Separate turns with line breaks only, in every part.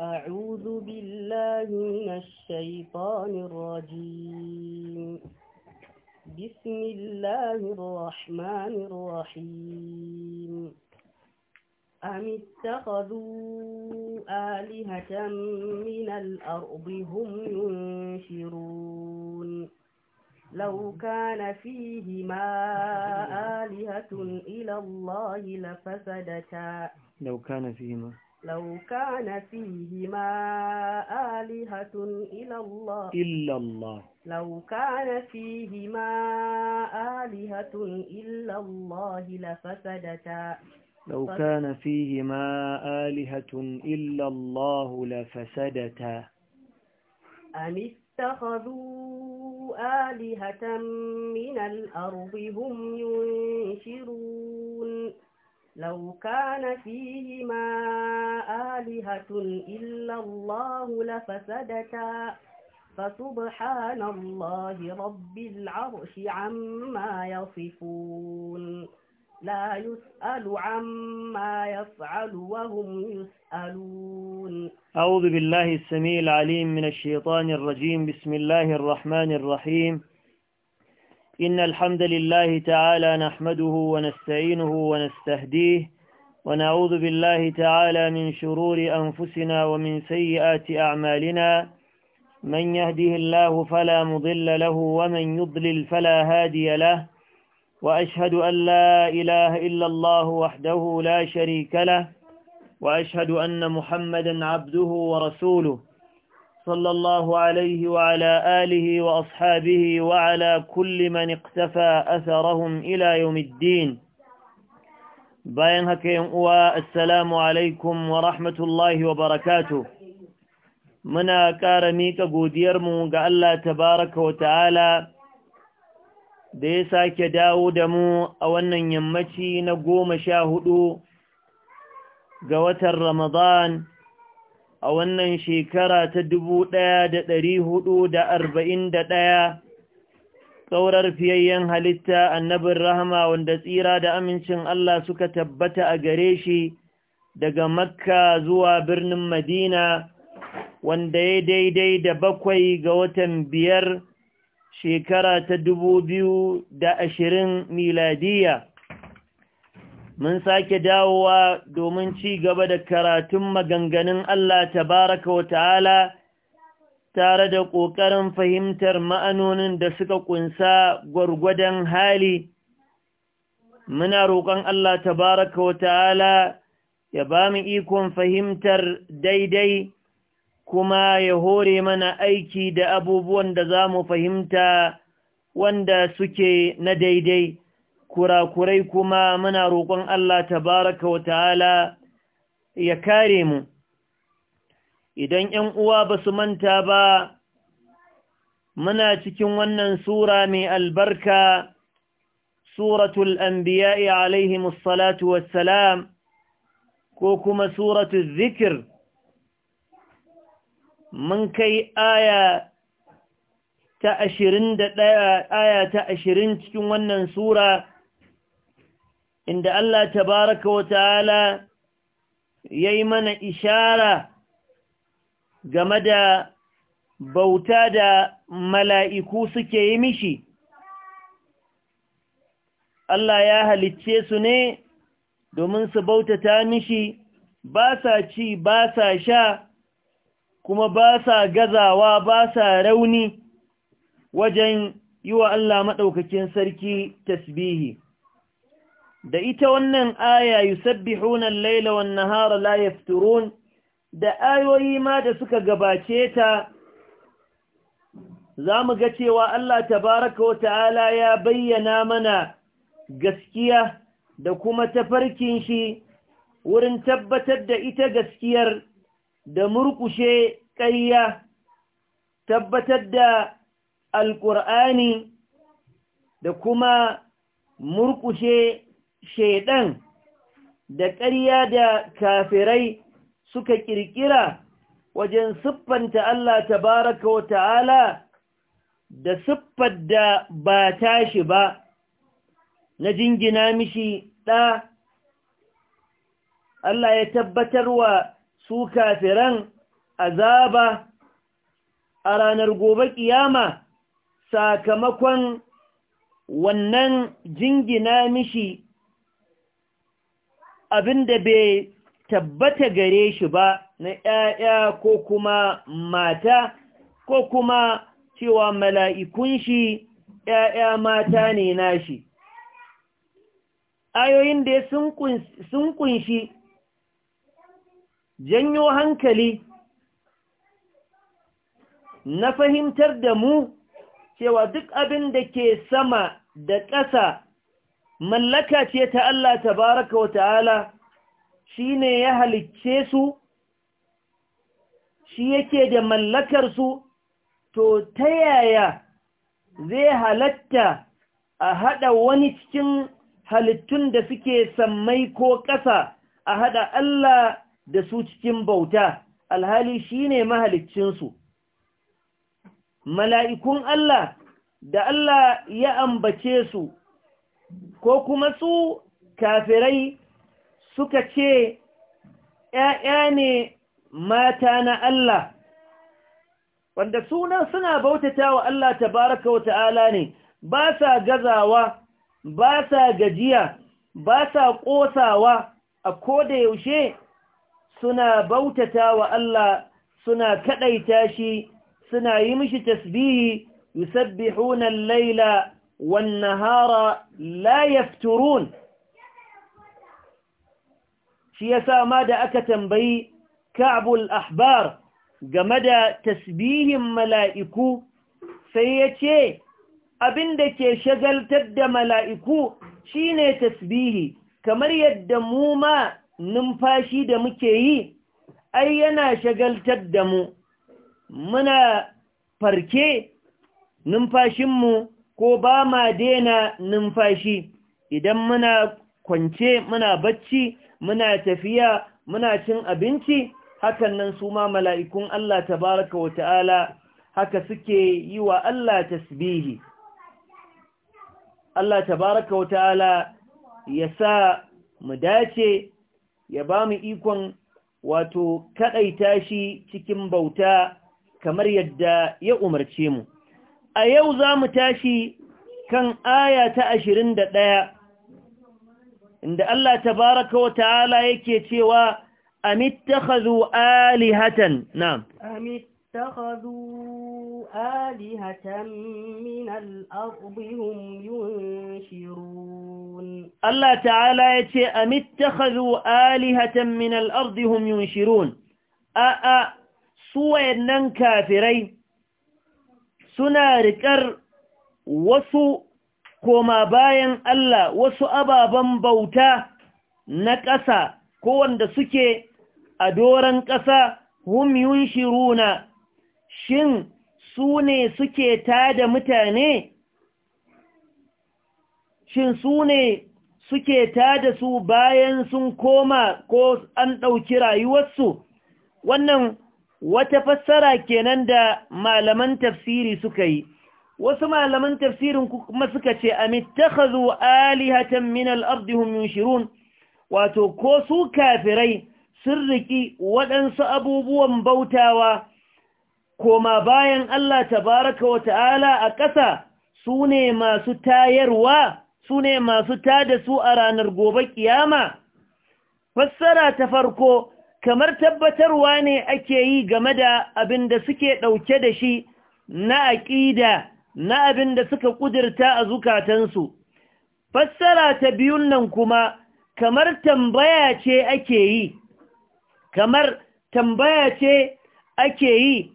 أعوذ بالله من الشيطان الرجيم بسم الله الرحمن الرحيم أم اتخذوا آلهة من الأرض هم ينشرون لو كان فيهما آلهة إلى الله لفسدتا
لو كان فيهما
لو كان فيهما آلهة إلى الله
إلا الله
لو كان فيهما آلهة إلا الله لفسدتا
لو كان فيهما آلهة إلا الله لفسدتا
أم اتخذوا آلهة من الأرض هم ينشرون لو كان فيهما آلهة إلا الله لفسدتا فسبحان الله رب العرش عما يصفون لا يسأل عما يفعل وهم يسألون
أعوذ بالله السميع العليم من الشيطان الرجيم بسم الله الرحمن الرحيم إن الحمد لله تعالى نحمده ونستعينه ونستهديه ونعوذ بالله تعالى من شرور أنفسنا ومن سيئات أعمالنا من يهده الله فلا مضل له ومن يضلل فلا هادي له وأشهد أن لا إله إلا الله وحده لا شريك له وأشهد أن محمدا عبده ورسوله صلى الله عليه وعلى آله وأصحابه وعلى كل من اقتفى أثرهم إلى يوم الدين باين هكيم والسلام عليكم ورحمة الله وبركاته منا كارميك قودير موغا الله تبارك وتعالى ديسا كداو مو أولا يمتي نقوم شاهدو قوة الرمضان a wannan shekara ta dubu ɗaya da ɗari hudu da arba'in da ɗaya tsaurar fiyayyen halitta annabin rahama wanda tsira da amincin Allah suka tabbata a gare shi daga makka zuwa birnin madina wanda ya daidai da bakwai ga watan biyar shekara ta dubu biyu da ashirin miladiya mun sake dawowa domin ci gaba da karatun maganganun Allah tabaraka wa ta'ala tare da ƙoƙarin fahimtar ma'anonin da suka ƙunsa gwargwadon hali muna roƙon Allah tabaraka wa ta'ala ya ba mu ikon fahimtar daidai kuma ya hore mana aiki da abubuwan da za mu fahimta wanda suke na daidai. kurakurai kuma muna roƙon Allah tabaraka wa ta'ala ya kare mu idan ‘yan uwa ba su manta ba muna cikin wannan sura mai albarka suratul anbiya'i alaihi musallatu wassalam ko kuma suratul zikir mun kai aya ta aya ta ashirin cikin wannan sura inda Allah tabaraka wa ta'ala ya yi mana ishara game da bauta da mala'iku suke yi mishi Allah ya halicce su ne domin su bautata mishi ba sa ci ba sa sha kuma ba sa gazawa ba sa rauni wajen yi wa Allah maɗaukakin sarki tasbihi da ita wannan aya yusabbihuna al-laila wan-nahara la yafturun da ayoyi ma da suka gabace ta zamu ga cewa Allah tabaaraka wa ta'ala ya bayyana mana gaskiya da kuma tafarkin shi wurin tabbatar da ita gaskiyar da murkushe kayya tabbatar da alƙur'ani da kuma murkushe shaidan da ƙarya da kafirai suka ƙirƙira wajen siffanta Allah tabaraka wa ta'ala da siffar da ba tashi ba na jingina mishi ɗa Allah ya tabbatar wa su kafiran azaba a ranar gobe ƙiyama sakamakon wannan jingina mishi abin da bai tabbata gare shi ba na ‘ya'ya ko kuma mata ko kuma cewa mala'ikun shi ‘ya'ya mata ne nashi. Ayoyin da sun kunshi janyo hankali na fahimtar da mu cewa duk abin da ke sama da ƙasa mallaka ce ta Allah tabaraka wa ta'ala shi ne ya halicce su shi yake da mallakarsu to ta yaya zai halatta a haɗa wani cikin halittun da suke sammai ko ƙasa a haɗa Allah da su cikin bauta alhali shi ne mahaliccinsu mala'ikun Allah da Allah ya ambace su ko kuma su kafirai suka ce ‘ya'ya ne mata na Allah wanda sunan suna bautata wa Allah baraka wa ta'ala ne ba sa gazawa ba sa gajiya ba sa ƙosawa a ko da yaushe suna bautata wa Allah suna kaɗaita shi suna yi mishi tasbihi yusabbihuna al-laila Shi ma da tambayi لا يفترون game da tasbihin mala'iku? Sai ya ce abin da ke shagaltar da mala'iku shine tasbihi kamar yadda mu ma numfashi da muke yi ai yana shagaltar da mu muna farke numfashinmu ko ba ma dena numfashi idan muna kwance muna bacci muna tafiya muna cin abinci hakan nan su ma mala'ikun Allah tabaraka wa ta'ala haka suke yi wa Allah tasbihi Allah tabaraka wa ta'ala ya sa mu dace ya ba mu ikon wato kaɗaita shi cikin bauta kamar yadda ya umarce mu a yau za mu tashi kan aya ta ashirin da ɗaya inda Allah tabaraka wa ta'ala yake cewa amittakhadhu alihatan na'am
alihatan min al-ardi hum yunshirun
Allah ta'ala yace amittakhadhu alihatan min al-ardi yunshirun a a su wayannan kafirai suna riƙar wasu koma bayan Allah wasu ababen bauta na ƙasa ko wanda suke a doron ƙasa hum yunshiruna shin su ne suke tada mutane shin su ne suke tada su bayan sun koma ko an ɗauki rayuwarsu wannan wata fassara kenan da malaman tafsiri suka yi wasu malaman tafsirin kuma suka ce amittakhadhu alihatan min al-ardi hum yunshirun wato ko su kafirai sun riki waɗansu abubuwan bautawa koma bayan Allah tabaraka wa ta'ala a ƙasa su ne masu tayarwa su ne masu tada su a ranar gobe kiyama fassara ta farko kamar tabbatarwa ne ake yi game da abin da suke ɗauke da shi na aƙida na abin da suka ƙudurta a zukatansu fassara ta biyun nan kuma kamar tambaya ce ake yi kamar tambaya ce ake yi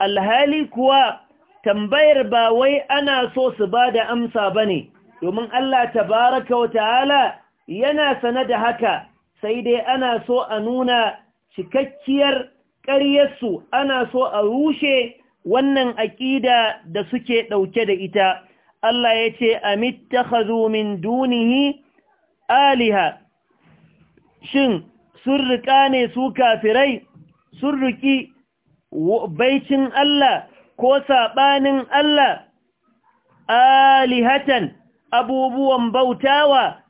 alhali kuwa tambayar ba wai ana so su ba da amsa ba ne domin Allah tabaraka wa ta'ala yana sane da haka sai dai ana so a nuna cikakkiyar ƙaryarsu ana so a rushe wannan aƙida da suke ɗauke da ita Allah ya ce hazo min dunihi aliha shin sun riƙa ne su kafirai sun riƙi baicin Allah ko saɓanin Allah alihatan abubuwan bautawa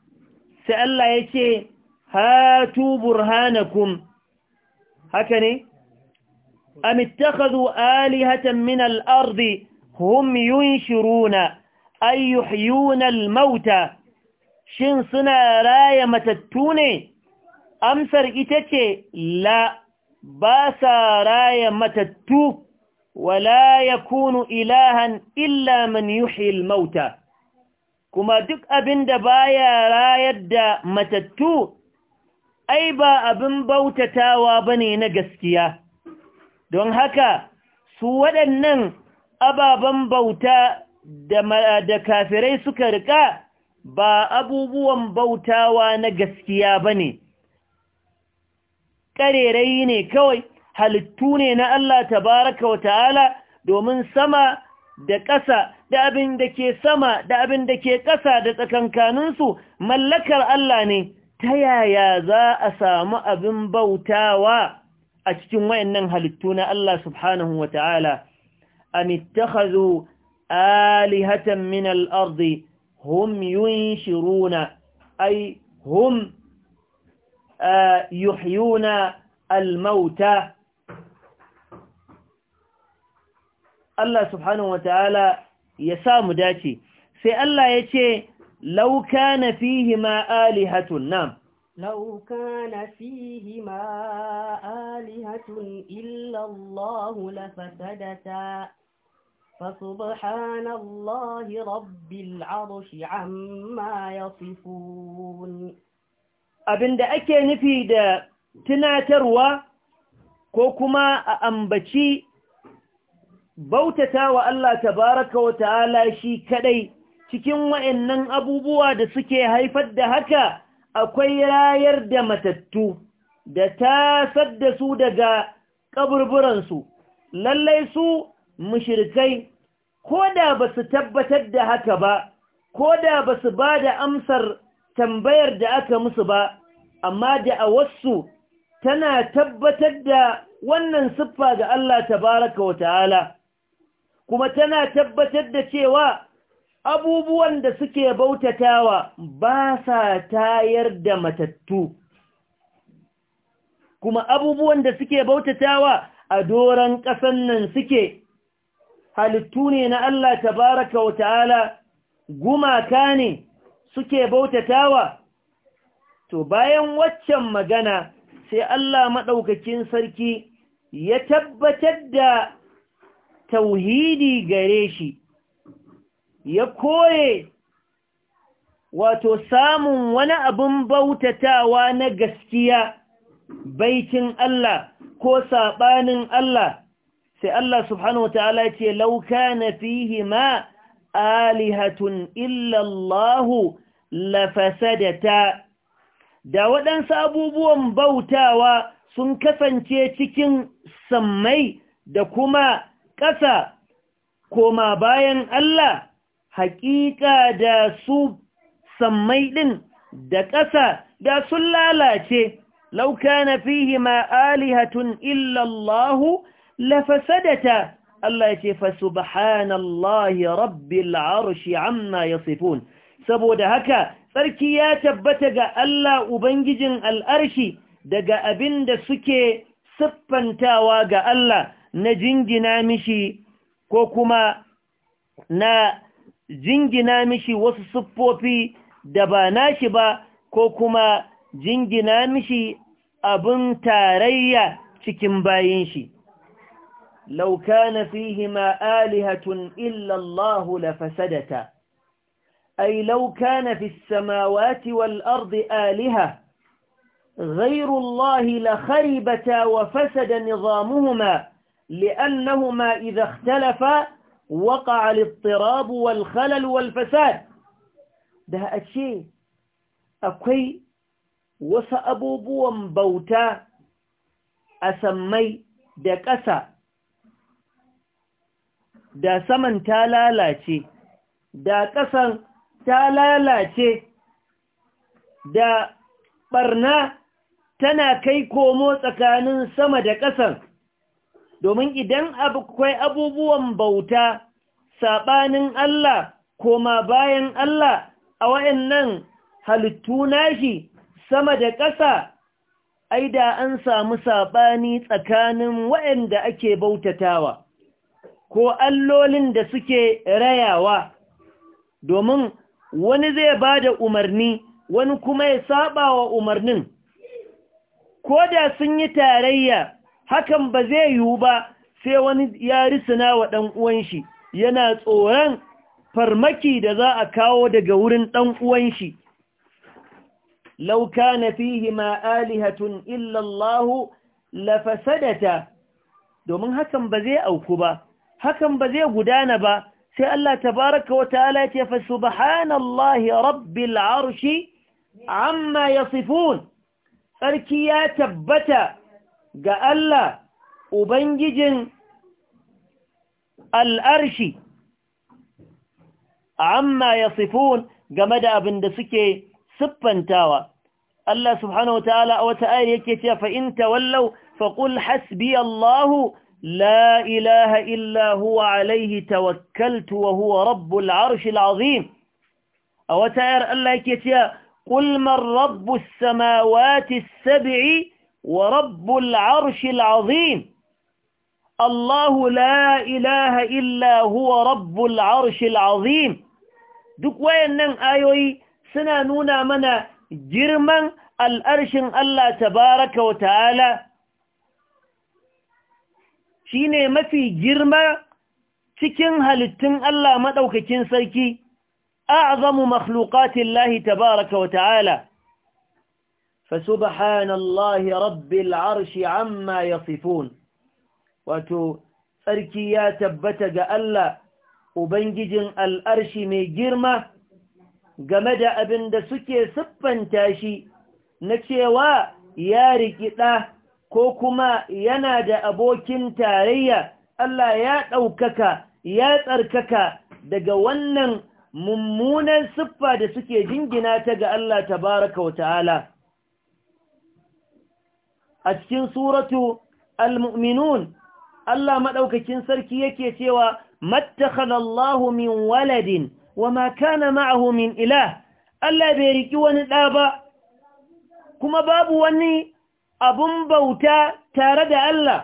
sai Allah ya ce hatu burhanakum haka ne am alihatan min al hum yunshiruna ay yuhyuna mauta shin suna raya matattu ne amsar ita ce la ba sa raya matattu wala yakunu ilahan illa man yuhil mauta kuma duk abin abinda baya rayar da matattu ai ba abin bautatawa ba ne na gaskiya don haka su waɗannan ababen bauta da kafirai suka riƙa ba abubuwan bautawa na gaskiya ba ne ƙarerai ne kawai halittu ne na Allah tabaraka wa domin sama da ƙasa da abin da ke sama da abin da ke ƙasa da tsakankaninsu mallakar Allah ne ta yaya za a samu abin bautawa a cikin wayannan halittu na Allah subhanahu wa ta'ala, amittakhadhu alihatan min al'ardi, hum yun shiruna, ai, hum uh, yuhyuna al-mauta. Allah subhanahu wa ta'ala ya samu dace, sai Allah ya ce, لو كان فيهما آلهة نعم
لو كان فيهما آلهة إلا الله لفسدتا فسبحان الله رب العرش عما يصفون
أبن دا أكي نفي دا تناتروا كوكما أنبتشي bautata wa Allah tabaraka wa ta'ala shi kadai cikin wa'annan abubuwa da suke haifar da haka akwai rayar da matattu da ta da su daga ƙaburburansu lallai su mushirikai ko da ba su tabbatar da haka ba ko da ba su ba da amsar tambayar da aka musu ba amma da a wasu tana tabbatar da wannan siffa ga Allah tabaraka wa ta'ala kuma tana tabbatar da cewa abubuwan da suke bautatawa ba sa tayar da matattu kuma abubuwan da suke bautatawa a doron ƙasan nan suke halittu ne na Allah tabaraka wa ta'ala gumaka ne suke bautatawa to bayan waccan magana sai Allah maɗaukakin sarki ya tabbatar da tauhidi gare shi ya koye wato samun wani abin bautatawa na gaskiya baitin Allah ko saɓanin Allah sai Allah subhanahu wata'ala ce lauka na fihi ma alihatun illallahu lafasadata da waɗansu abubuwan bautawa sun kasance cikin sammai da kuma ƙasa koma bayan Allah haƙiƙa da su sammai ɗin da ƙasa da sun lalace lauka na fihi ma'alihatun illallahu lafasadata Allah ce fa subhanallahi rabbil arshi amma yasifun saboda haka tsarki ya tabbata ga Allah ubangijin al'arshi daga abinda suke siffantawa ga Allah na jingina mishi ko kuma na jingina mishi wasu siffofi da ba nashi ba ko kuma jingina mishi abin tarayya cikin bayin shi لو كان فيهما آلهة إلا الله لفسدتا أي لو كان في السماوات والأرض آلهة غير الله لخربتا وفسد نظامهما لأنهما إذا اختلفا وقع الاضطراب والخلل والفساد da a ce akwai wasu abubuwan bauta a sammai da ƙasa da saman ta lalace da ƙasan ta lalace da ɓarna tana kai komo tsakanin sama da ƙasan domin idan akwai abubuwan bauta saɓanin Allah koma bayan Allah a wayannan halittu nashi sama da ƙasa ai da an samu saɓani tsakanin wayanda ake bautatawa ko allolin da suke rayawa domin wani zai ba da umarni wani kuma ya saɓa wa umarnin ko da sun yi tarayya hakan ba zai yiwu ba sai wani ya risina wa ɗan yana tsoron farmaki da za a kawo daga wurin ɗan uwan shi لو كان فيهما آلهة illallahu الله domin hakan ba zai auku ba hakan ba zai gudana ba sai Allah tabaraka wa ta'ala ce fa subhanallahi rabbil arshi amma sifun. sarki ya tabbata ga Allah Ubangijin al’arshi, amma ya sifon game da abin da suke siffantawa. Allah subhanahu wa ta’ala a wata ayar yake ce fa’inta wallau faƙul hasbi Allahu la ilaha illahu huwa alaihi tawakkaltu wa huwa rabbu al’arshi al’azim. A wata ayar Allah yake ce, ƙulmar rabbu samawati sabi’i ورب العرش العظيم الله لا إله إلا هو رب العرش العظيم duk wayannan ayoyi suna nuna mana girman al'arshin Allah tabaraka wa ta'ala shi ne mafi girma cikin halittun Allah maɗaukakin sarki a azamu makhlukatin lahi tabaraka wa ta'ala فسبحان الله رب amma ya يصفون wato tsarki ya tabbata ga Allah Ubangijin al'arshi mai girma game da abin da suke siffanta shi na cewa ya rikiɗa ko kuma yana da abokin tarayya Allah ya ɗaukaka ya tsarkaka daga wannan mummunan siffa da suke jingina ta ga Allah tabaraka wa a cikin suratu al-mu'minun Allah madaukakin sarki yake cewa mattakhalallahu min waladin wama kana ma'ahu min ilah Allah bai riki wani da ba kuma babu wani abun bauta tare da Allah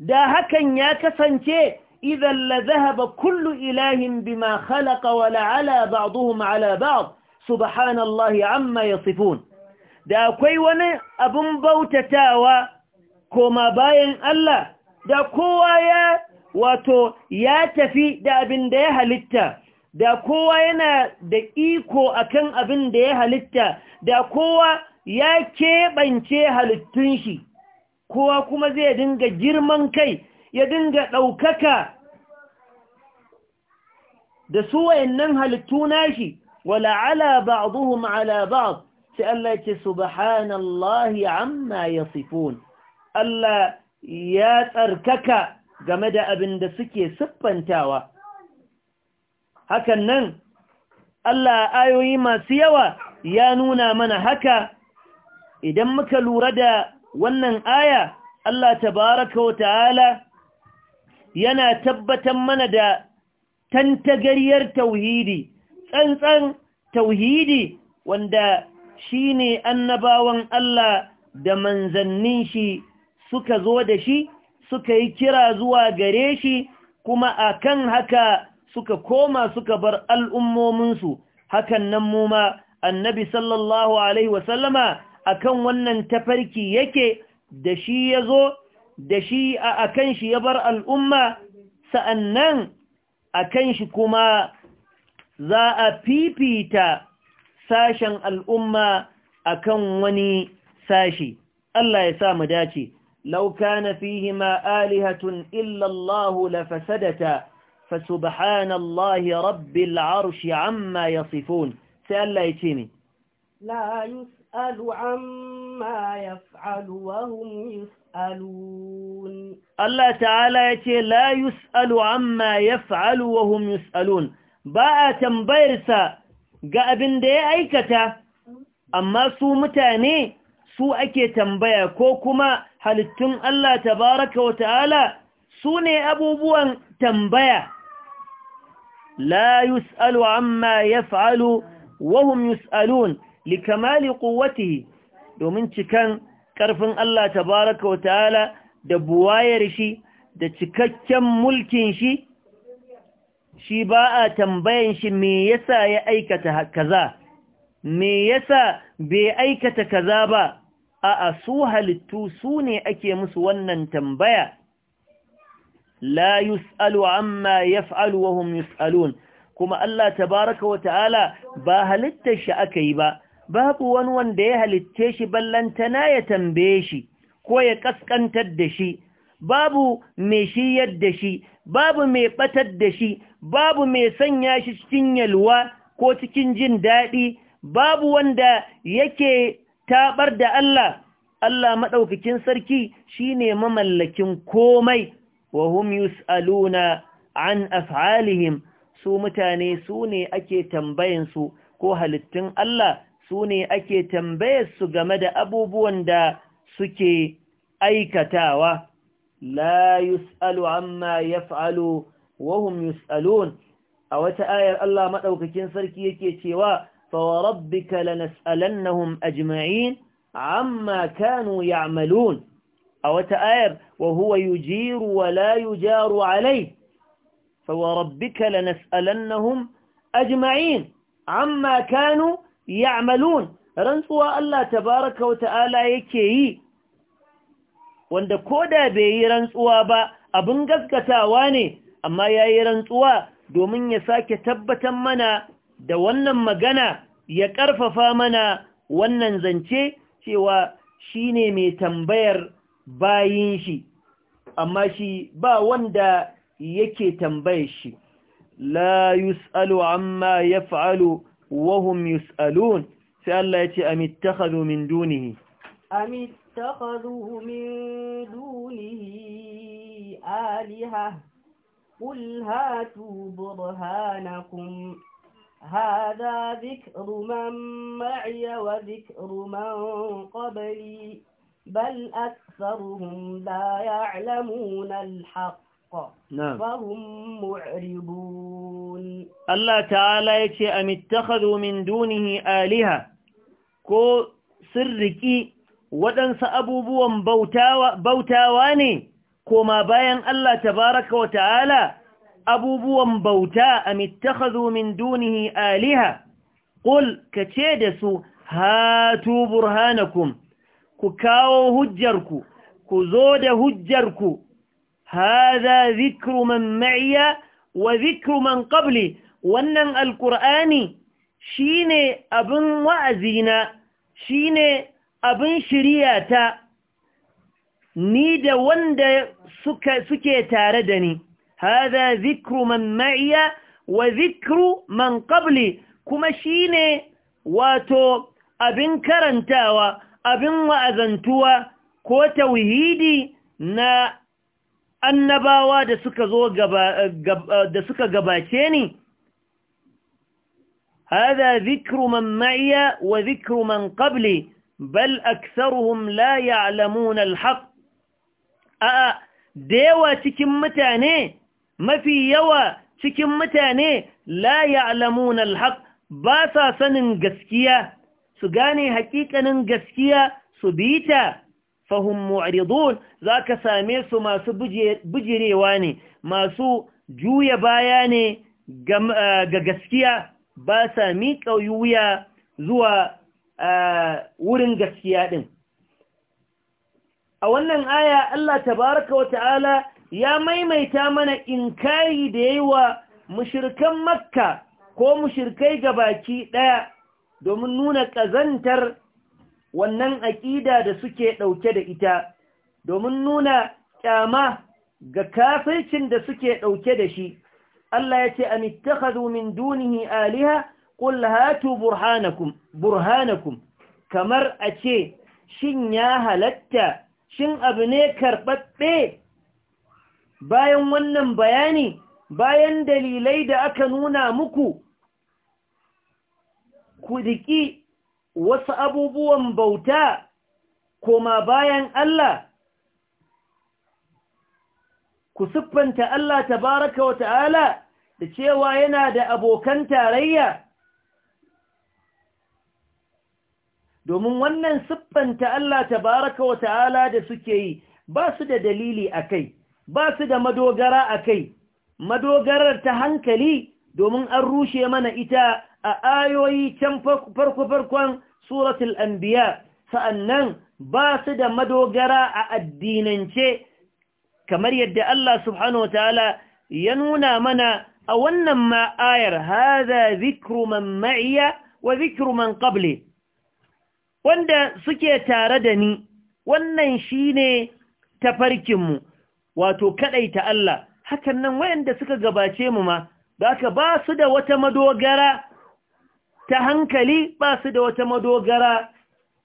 da hakan ya kasance idan la zahaba kullu ilahin bima khalaqa wa la'ala ba'dhum ala ba'd subhanallahi amma yasifun da akwai wani abin bautatawa koma bayan Allah da kowa ya wato ya tafi da abin da ya halitta da kowa yana da iko akan abin da ya halitta da kowa ya keɓance halittun shi kowa kuma zai dinga girman kai ya dinga ɗaukaka da su wayannan halittu nashi wala ala ba'aduhu ma'ala ba'd sai Allah ce subhanallahi amma sifun. Allah ya tsarkaka game da abin da suke siffantawa hakan nan Allah ayoyi masu yawa ya nuna mana haka idan muka lura da wannan aya Allah tabaraka wa ta'ala yana tabbatar mana da tantagariyar tauhidi tsantsan tauhidi wanda shi ne annabawan Allah da manzannin shi suka zo da shi suka yi kira zuwa gare shi kuma a kan haka suka koma suka bar al'ummominsu hakan nan mu ma annabi sallallahu Alaihi wasallama a kan wannan tafarki yake da shi ya zo da shi a kan shi ya bar al'umma sa'an nan a kan shi kuma za a fifita sashen al'umma akan wani sashi Allah ya sa mu dace law kana fihima alihatun illa Allah la fasadata fa subhanallahi rabbil arshi amma yasifun sai Allah ya ce ni
la yus'alu amma yaf'alu wa hum yus'alun
Allah ta'ala ya ce la yus'alu amma yaf'alu wa hum yus'alun ba a tambayarsa ga abin da ya aikata amma su mutane su ake tambaya ko kuma halittun Allah tabaraka wa ta'ala su ne abubuwan tambaya la yus'alu amma yaf'alu wa hum yus'alun likamali quwwatihi domin cikan ƙarfin Allah tabaraka wa ta'ala da buwayar shi da cikakken mulkin shi shi ba a tambayan shi me yasa ya aikata kaza me yasa bai aikata kaza ba a su halittu su ne ake musu wannan tambaya la yus'alu amma yaf'alu wa hum yus'alun kuma Allah tabaraka wa ta'ala ba halittar shi aka yi ba babu wani wanda ya halitte shi ballantana ya tambaye shi ko ya kaskantar da shi babu me shi yadda shi babu mai batar da shi babu mai sanya shi cikin yalwa ko cikin jin daɗi babu wanda yake taɓar da Allah Allah maɗaukakin sarki shine mamallakin komai wa hum yus'aluna an af'alihim su mutane su ne ake tambayansu ko halittun Allah su ne ake tambayar su game da abubuwan da suke aikatawa لا يسأل عما يفعل وهم يسألون أو تآية الله مدوككين كي تيوا فوربك لنسألنهم أجمعين عما كانوا يعملون أو تآية وهو يجير ولا يجار عليه فوربك لنسألنهم أجمعين عما كانوا يعملون رنسوا الله تبارك وتعالى يكيه wanda ko da bai yi rantsuwa ba abin gaskatawa ne amma ya yi rantsuwa domin ya sake tabbatar mana da wannan magana ya ƙarfafa mana wannan zance cewa shi ne mai tambayar bayin shi amma shi ba wanda yake tambayar shi la yus'alu amma yaf'alu wahum hum yus'alun sai Allah ya ce amittakhadhu min dunihi
amittakhadhu اتخذوا من دونه آلهة قل هاتوا برهانكم هذا ذكر من معي وذكر من قبلي بل أكثرهم لا يعلمون الحق نعم. فهم معرضون
الله تعالى يتي أم اتخذوا من دونه آلهة كو سركي waɗansu abubuwan bautawa ne koma bayan Allah tabaraka wa ta'ala abubuwan bauta a mittakhadhu min dunihi aliha ka kace da su hatu burhanakum ku kawo hujjarku ku zo da hujjarku hadha dhikru man ma'iya wa dhikru man qabli wannan alqur'ani shine abin wa'azina shine abin shirya ta ni da wanda suke tare da ni haza zikru man ma'iya wa zikru man qabli kuma shine wato abin karantawa abin wa'azantuwa ko tauhidi na annabawa da suka zo da suka gabace ni hada zikru man ma'iya wa zikru man qabli bal aktharuhum la ya'lamuna al-haq a da yawa cikin mutane mafi yawa cikin mutane la ya'lamuna al-haq ba sa sanin gaskiya su gane hakikanin gaskiya su bita fahum za ka same su masu bujirewa ne masu juya baya ne ga gaskiya ba sa miƙa wuya zuwa wurin gaskiya ɗin. A wannan aya Allah tabaraka wa ta'ala ya maimaita mana in inkari da yi wa mushirkan Makka ko mushirkai baki ɗaya domin nuna ƙazantar wannan aƙida da suke ɗauke da ita, domin nuna ƙyama ga kafircin da suke ɗauke da shi. Allah ya ce, "Amittakhadhu min dunihi aliha?" Kul hatu burhanakum burhanakum kamar a ce shin ya halatta shin abu ne karɓaɓɓe bayan wannan bayani bayan dalilai da aka nuna muku ku diki wasu abubuwan bauta koma bayan Allah ku siffanta Allah tabaraka wa ta'ala da cewa yana da abokan tarayya domin wannan siffanta Allah tabaraka wa ta'ala da suke yi ba su da dalili a kai ba su da madogara a kai madogarar ta hankali domin an rushe mana ita a ayoyi can farko-farkon suratul anbiya sa'annan ba su da madogara a addinance kamar yadda Allah subhanahu wa ta'ala ya nuna mana a wannan ma'ayar haza zikruman man ma'iya wa zikruman man wanda suke tare da ni wannan shine tafarkinmu wato ta Allah hakan nan wayanda suka gabace mu ma aka ba su da wata madogara ta hankali ba su da wata madogara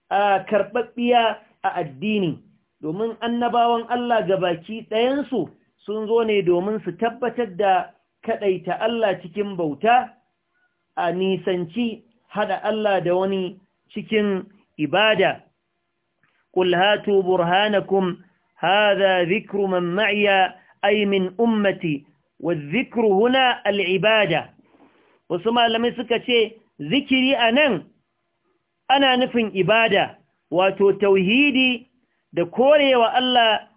a karɓaɓɓiya a addini domin annabawan Allah ga baki ɗayansu sun zo ne domin su tabbatar da kaɗaita Allah cikin bauta a nisanci haɗa Allah da wani cikin ibada qul hatu burhanakum hadha dhikru man ma'iya ay min ummati huna al'ibada wasu malamai suka ce zikiri a nan ana nufin ibada wato tauhidi da korewa Allah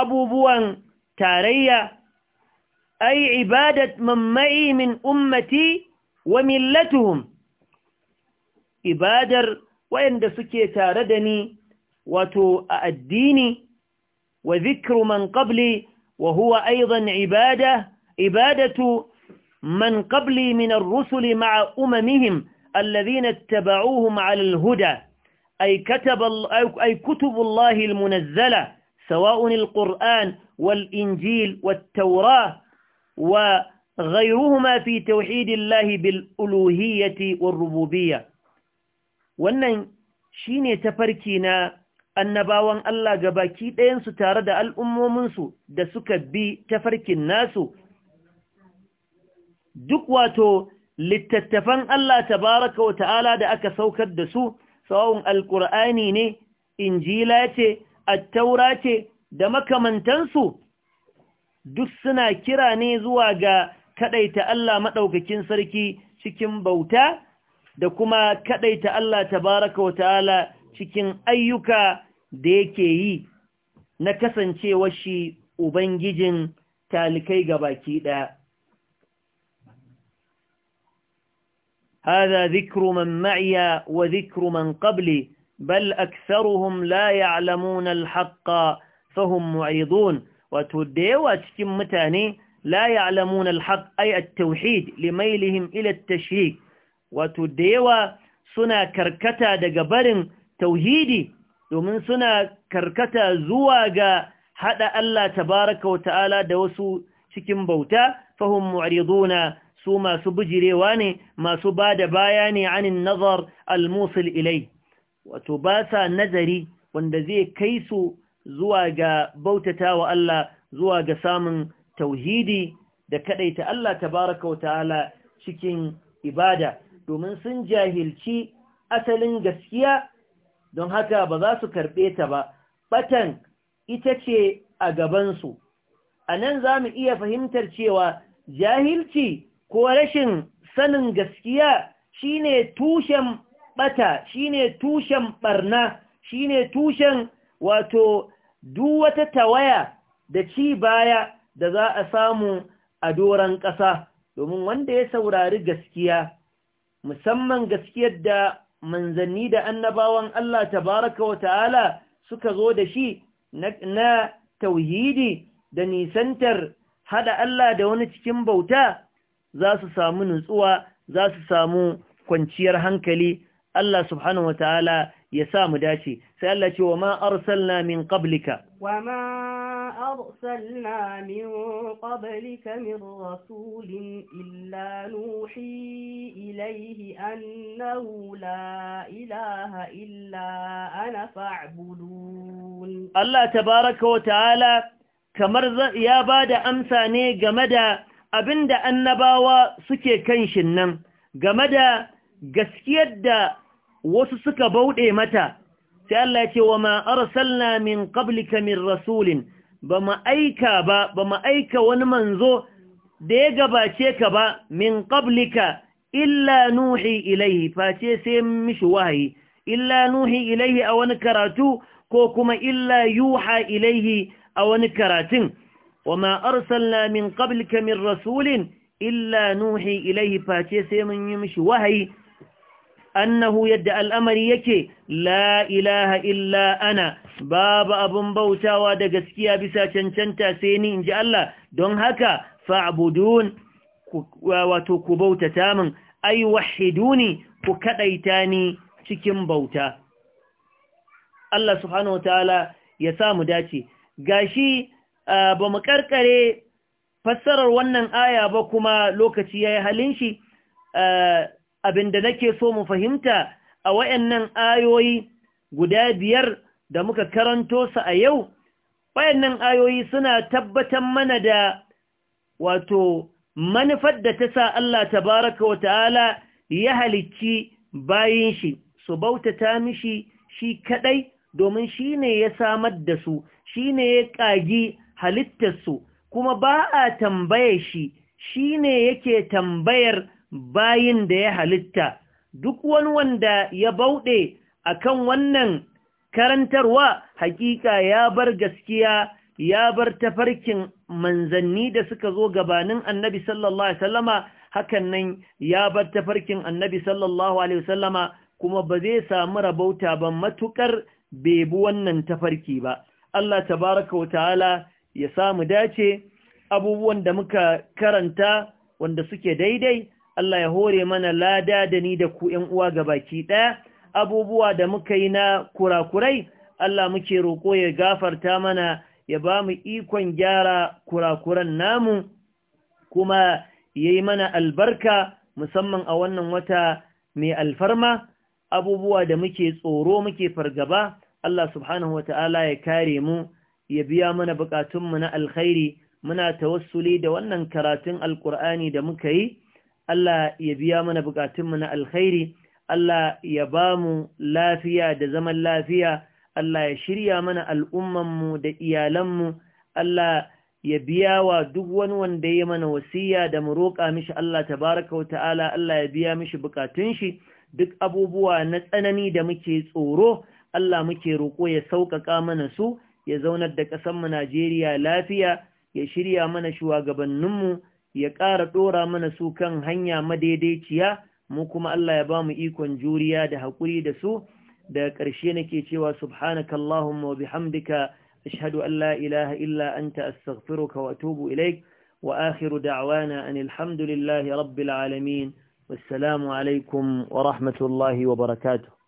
abubuwan tarayya ai ibadat mamma'i min ummati wa millatuhum ibadar wayanda suke tare da ni wato a addini wa zikru man qabli wa huwa aidan ibada ibadatu man qabli min ar-rusuli ma'a umamihim alladhina ittaba'uuhum 'ala al-huda ay kataba ay kutubu Allah al-munazzala sawa'un al-Qur'an wal-Injil wat-Tawrah wa ghayruhuma fi tawhid في bil-uluhiyyati war-rububiyyah wannan shine tafarki na annabawan Allah ga baki ɗayansu tare da al'ummominsu da suka bi tafarkin nasu duk wato littattafan Allah tabaraka wa ta'ala da aka saukar da su tsawon al’ur'ani ne injila ce attaura ce da makamantansu duk suna kira ne zuwa ga kaɗaita Allah maɗaukakin sarki cikin bauta da kuma kadaita Allah tabaraka wa ta'ala cikin ayyuka da yake yi na kasancewar shi ubangijin talikai gabaki daya هذا ذكر من معي وذكر من قبلي بل أكثرهم لا يعلمون الحق فهم معيضون وتديوا تكم متاني لا يعلمون الحق أي التوحيد لميلهم إلى التشريك wato da yawa suna karkata daga barin tauhidi domin suna karkata zuwa ga hada Allah tabaraka wa ta'ala da wasu cikin bauta fahim mu'riduna su masu bijirewa ne masu bada baya ne anin nazar al-musil ilai wato ba sa nazari wanda zai kai su zuwa ga bautata wa Allah zuwa ga samun tauhidi da kadaita Allah tabaraka wa ta'ala cikin ibada domin sun jahilci asalin gaskiya don haka ba za su karɓe ta ba ɓatan ita ce a gabansu a nan za mu iya fahimtar cewa jahilci ko rashin sanin gaskiya shine tushen ɓata, shine tushen ɓarna, shine tushen wato duk wata tawaya da ci baya da za a samu a doron ƙasa domin wanda ya saurari gaskiya musamman gaskiyar da manzanni da annabawan Allah tabaraka wa ta'ala suka zo da shi na tauhidi da nisantar hada Allah da wani cikin bauta za su samu nutsuwa za su samu kwanciyar hankali Allah subhanahu wa ta'ala ya samu dace sai Allah ce wa ma arsalna min qablika
wa ma أرسلنا من قبلك من رسول إلا نوحي إليه أنه لا إله إلا أنا فاعبدون
الله تبارك وتعالى kamar ya ba da amsa ne game da abin da annabawa suke kan shi nan game da gaskiyar da wasu suka bauɗe mata sai Allah ce wa ma arsalna min qablika min rasulin ba mu aika ba ba aika wani manzo da ya gabace ka ba min qablika illa nuhi ilaihi face sai mishi wahayi illa nuhi ilaihi a wani karatu ko kuma illa yuha ilaihi a wani karatun ma arsalna min qablika min rasulin illa nuhi ilaihi face sai mun yi mishi wahayi annahu yadda al'amari yake lailaha ilaha illa ana babu abun bautawa da gaskiya bisa cancanta sai ni ji Allah don haka fa'budun wato ku bautata min ai wahiduni ku kaɗaita ni cikin bauta Allah subhanahu Ta'ala ya samu dace gashi ba mu ƙarƙare fassarar wannan aya ba kuma lokaci yayi halin shi Abin da nake so mu fahimta a wayannan ayoyi guda biyar da muka karanto su a yau wayannan ayoyi suna tabbatar mana da wato manufar da ta sa Allah tabaraka wa ya halicci bayin shi su bautata mishi shi kadai domin shi ne ya samar da su shi ne ya ƙagi halittarsu kuma ba a tambaye shi shi ne yake tambayar bayin da ya halitta duk wani wanda ya bauɗe a kan wannan karantarwa hakika ya bar gaskiya ya bar tafarkin manzanni da suka zo gabanin annabi sallallahu alaihi wasallama hakan nan ya bar tafarkin annabi sallallahu alaihi wasallama kuma ba zai samu rabauta ba matukar bebu wannan tafarki ba Allah tabaraka wa ta'ala ya samu dace abubuwan da muka karanta wanda suke daidai Allah ya hore mana lada da ni da ku ‘yan uwa ga baki ɗaya, abubuwa da muka yi na kurakurai, Allah muke roƙo ya gafarta mana ya ba mu ikon gyara kurakuran namu, kuma ya yi mana albarka musamman a wannan wata mai alfarma, abubuwa da muke tsoro muke fargaba, Allah subhanahu wa ya kare mu, ya biya mana bukatunmu na alkhairi, muna wasuli da wannan karatun alkur'ani da muka yi. Allah ya biya mana bukatunmu na alkhairi Allah ya ba mu lafiya da zaman lafiya Allah ya shirya mana al'ummanmu da iyalanmu Allah ya biya wa duk wani wanda ya mana wasiya da mu roƙa mishi Allah tabaraka wa ta'ala Allah ya biya mishi bukatun shi duk abubuwa na tsanani da muke tsoro Allah muke roƙo ya sauƙaƙa mana su ya zaunar da ƙasarmu Najeriya lafiya ya shirya mana shugabanninmu ya ƙara ɗora mana su kan hanya madaidaiciya mu kuma Allah ya ba mu ikon juriya da haƙuri da su da ƙarshe nake cewa subhanakallahumma wa bihamdika ashhadu an la ilaha illa anta astaghfiruka wa atubu ilaik wa akhiru da'wana anil hamdulillahi rabbil alamin wassalamu alaikum wa rahmatullahi wa barakatuh